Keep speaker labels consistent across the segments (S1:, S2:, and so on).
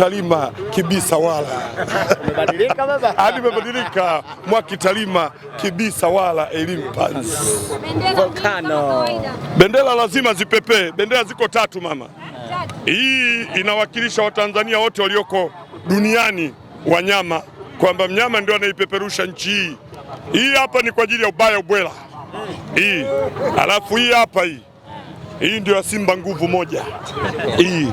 S1: Mwakitalima kibisa wala umebadilika baba, hadi umebadilika Mwakitalima kibisa wala elimu Volcano bendera lazima zipepee. Bendera ziko tatu mama, hii inawakilisha Watanzania wote walioko duniani, wanyama kwamba mnyama ndio anaipeperusha nchi hii. Hii hapa ni kwa ajili ya ubaya ubwela hii, alafu hii hapa hii hii ndio ya Simba nguvu moja hii.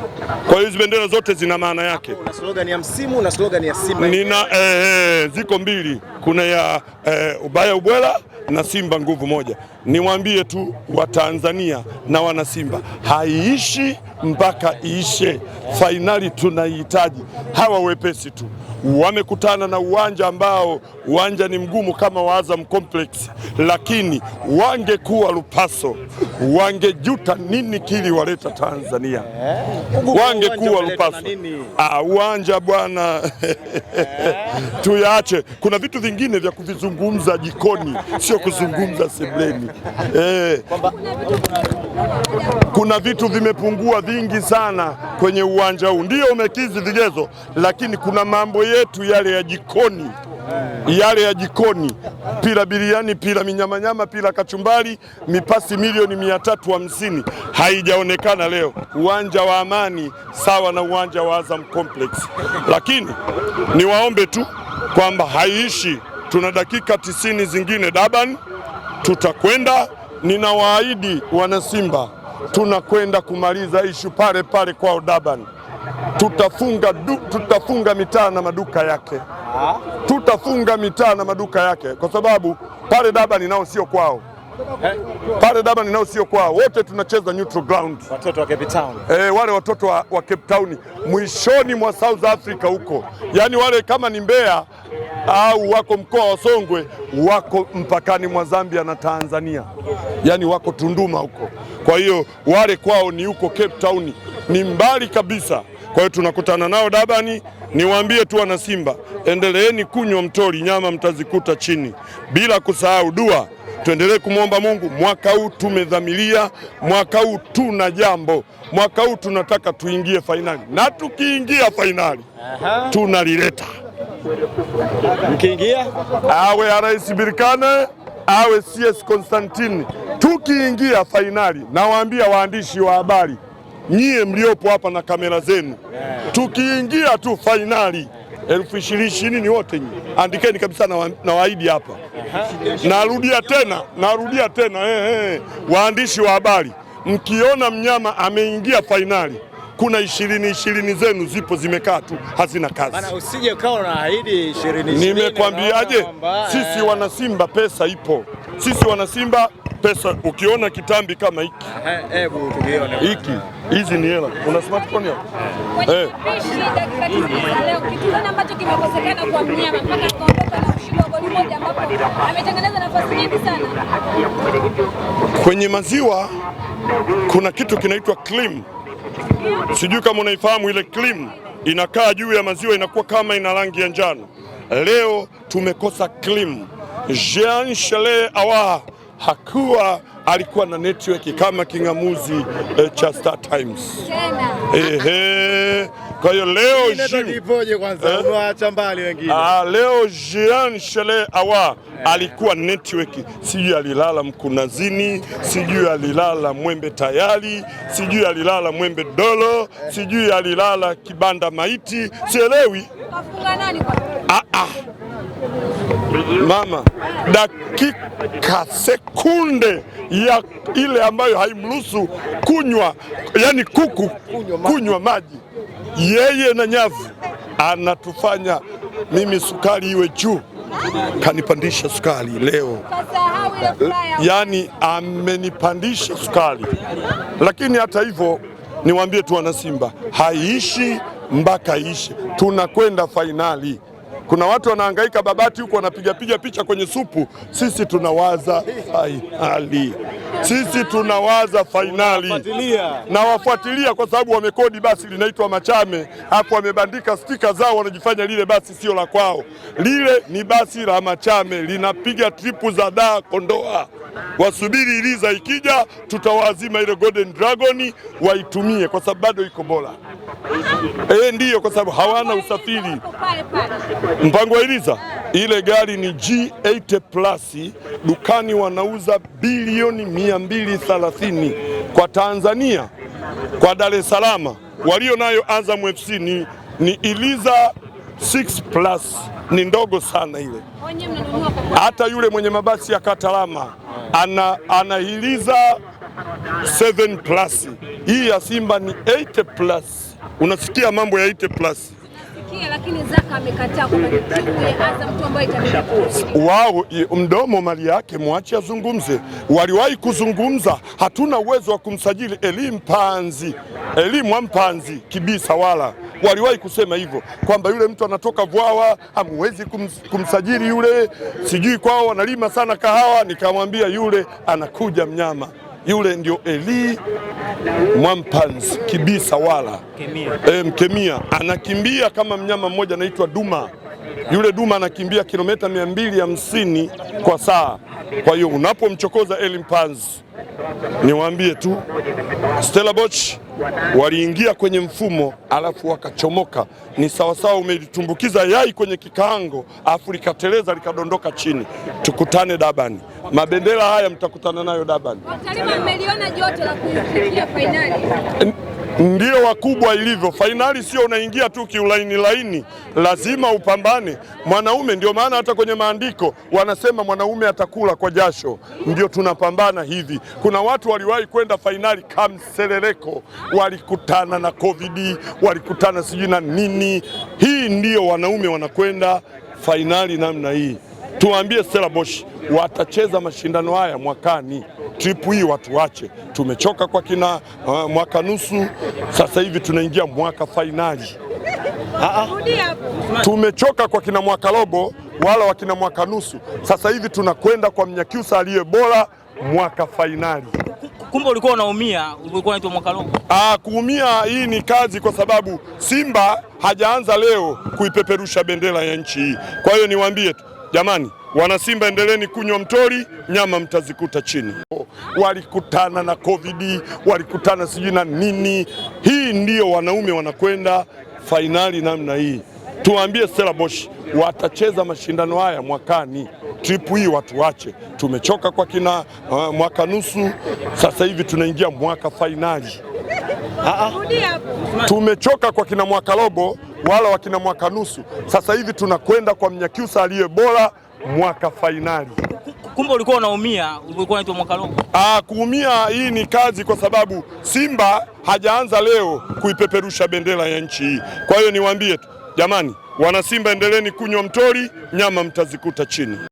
S1: Kwa hiyo hizi bendera zote zina maana yake. Una slogan ya msimu na slogan ya Simba. Nina eh, eh, ziko mbili, kuna ya eh, ubaya ubwela na Simba nguvu moja. Niwaambie tu Watanzania na wana Simba, haiishi mpaka iishe. Fainali tunaihitaji. Hawa wepesi tu wamekutana na uwanja ambao uwanja ni mgumu kama wa Azam Complex, lakini wangekuwa Lupaso wangejuta nini kiliwaleta Tanzania, wangekuwa Lupaso. Ah, uwanja bwana tuyaache. Kuna vitu vingine vya kuvizungumza jikoni, sio kuzungumza sebleni eh kuna vitu vimepungua vingi sana kwenye uwanja huu. ndio umekizi vigezo, lakini kuna mambo yetu yale ya jikoni yale ya jikoni, pila biriani, pila minyamanyama, pila kachumbari, mipasi milioni mia tatu hamsini haijaonekana leo. Uwanja wa Amani sawa na uwanja wa Azam Complex, lakini niwaombe tu kwamba haiishi, tuna dakika tisini zingine Durban, tutakwenda ninawaahidi wanasimba, tunakwenda kumaliza ishu pale pale kwao Durban. Tutafunga, du, tutafunga mitaa na maduka yake, tutafunga mitaa na maduka yake, kwa sababu pale Durban nao sio kwao pale Durban nao sio kwao, wote tunacheza neutral ground.
S2: Watoto wa Cape Town
S1: e, wale watoto wa, wa Cape Town mwishoni mwa South Africa huko, yaani wale kama ni Mbeya au wako mkoa wa Songwe, wako mpakani mwa Zambia na Tanzania, yaani wako Tunduma huko. Kwa hiyo wale kwao ni huko Cape Town, ni mbali kabisa. Kwa hiyo tunakutana nao Dabani. Niwaambie tu wana Simba, endeleeni kunywa mtori, nyama mtazikuta chini, bila kusahau dua tuendelee kumwomba Mungu. Mwaka huu tumedhamiria, mwaka huu tuna jambo, mwaka huu tunataka tuingie fainali, na tukiingia fainali tunalileta mkiingia awe Rais Birikane awe CS Konstantini. Tukiingia fainali, nawaambia waandishi wa habari nyie mliopo hapa na kamera zenu, tukiingia tu fainali elfu ishirini wote nyi andikeni kabisa, nawaahidi hapa, uh-huh. narudia tena, narudia tena, eh, eh, waandishi wa habari, mkiona mnyama ameingia fainali kuna ishirini ishirini zenu zipo zimekaa tu hazina kazi. Bana, usije ukawa unaahidi ishirini ishirini. Nimekwambiaje? Eh. Sisi wana Simba pesa ipo, sisi wana Simba pesa. Ukiona kitambi kama hiki hiki, hizi ni hela. Una smartphone hapo? Eh, kwa mnyama kwenye maziwa. Kuna kitu kinaitwa cream Sijui kama unaifahamu ile cream inakaa juu ya maziwa inakuwa kama ina rangi ya njano. Leo tumekosa cream. Jean Chale awa hakuwa alikuwa na network kama king'amuzi eh, cha Star Times. Ehe. Kwa hiyo leo ipoje kwanza, eh? unaacha mbali wengine. Ah, leo Jean Chele awa eh, alikuwa network, sijui alilala Mkunazini, sijui alilala Mwembe Tayari, sijui alilala Mwembe Dolo sijui alilala Kibanda Maiti, sielewi ah, ah. Mama, dakika sekunde ya ile ambayo haimruhusu kunywa, yani kuku kunywa maji yeye na nyavu anatufanya mimi sukari iwe juu, kanipandisha sukari leo, yaani amenipandisha sukari. Lakini hata hivyo niwaambie tu wana Simba, haiishi mpaka iishe, tunakwenda fainali. Kuna watu wanahangaika Babati huko wanapigapiga picha kwenye supu, sisi tunawaza fainali. Sisi tunawaza fainali na wafuatilia, kwa sababu wamekodi basi linaitwa Machame, hapo wamebandika stika zao, wanajifanya lile basi sio la kwao. Lile ni basi la Machame, linapiga tripu za daa Kondoa. Wasubiri iliza ikija, tutawazima ile Golden Dragon, waitumie kwa sababu bado iko bora. E, ndiyo, kwa sababu hawana usafiri. Mpango wa iliza ile gari ni G8 plus, dukani wanauza bilioni 230 kwa Tanzania. Kwa Dar es Salaam walio nayo Azam FC ni, ni Iliza 6 plus ni ndogo sana ile. Hata yule mwenye mabasi ya Katalama ana, anahiliza 7 plus. Hii ya Simba ni 8 plus. Unasikia mambo ya 8 plus. Wao mdomo mali yake, mwache azungumze. Waliwahi kuzungumza, hatuna uwezo wa kumsajili elimu panzi elimu ampanzi kibisa, wala waliwahi kusema hivyo kwamba yule mtu anatoka Vwawa, hamwezi kumsajili yule, sijui kwao wanalima sana kahawa. Nikamwambia yule anakuja mnyama yule ndio Eli Mwampanzi kibisa wala E, Mkemia anakimbia kama mnyama mmoja anaitwa duma. Yule duma anakimbia kilomita mia mbili hamsini kwa saa. Kwa hiyo unapomchokoza Eli Mpanzi, niwaambie tu Stella Boch waliingia kwenye mfumo alafu wakachomoka. Ni sawasawa umelitumbukiza yai kwenye kikaango alafu likateleza likadondoka chini. Tukutane Dabani, mabendera haya mtakutana nayo Dabani. mmeliona joto la kufikia fainali ndio wakubwa ilivyo. Fainali sio unaingia tu kiulaini laini, lazima upambane mwanaume. Ndio maana hata kwenye maandiko wanasema mwanaume atakula kwa jasho, ndio tunapambana hivi. Kuna watu waliwahi kwenda fainali kamselereko walikutana na Covid, walikutana sijui na nini. Hii ndio wanaume wanakwenda fainali namna hii tuwaambie Stella Bosch watacheza mashindano haya mwakani, tripu hii watu wache tumechoka kwa kina uh, mwaka nusu, sasa hivi tunaingia mwaka fainali. Ah, ah. Tumechoka kwa kina mwaka robo wala wakina mwaka nusu, sasa hivi tunakwenda kwa Mnyakyusa aliye bora mwaka fainali.
S2: Kumbe ulikuwa unaumia, ulikuwa unaitwa mwaka robo.
S1: Ah, kuumia hii ni kazi, kwa sababu Simba hajaanza leo kuipeperusha bendera ya nchi hii. Kwa hiyo niwaambie tu Jamani, wanasimba, endeleni kunywa mtori, nyama mtazikuta chini. Walikutana na Covid, walikutana sijui na nini. Hii ndiyo wanaume wanakwenda fainali namna hii. Tuambie Stella Bosch watacheza mashindano haya mwakani. Tripu hii watu wache, tumechoka kwa kina uh, mwaka nusu. Sasa hivi tunaingia mwaka fainali, tumechoka kwa kina mwaka robo wala wakina mwaka nusu. Sasa hivi tunakwenda kwa Mnyakyusa aliye bora mwaka fainali.
S2: Kumbe ulikuwa unaumia, ulikuwa unaitwa longo.
S1: Ah, kuumia hii ni kazi, kwa sababu Simba hajaanza leo kuipeperusha bendera ya nchi hii. Kwa hiyo niwaambie tu jamani, wana Simba, endeleni kunywa mtori, nyama mtazikuta chini.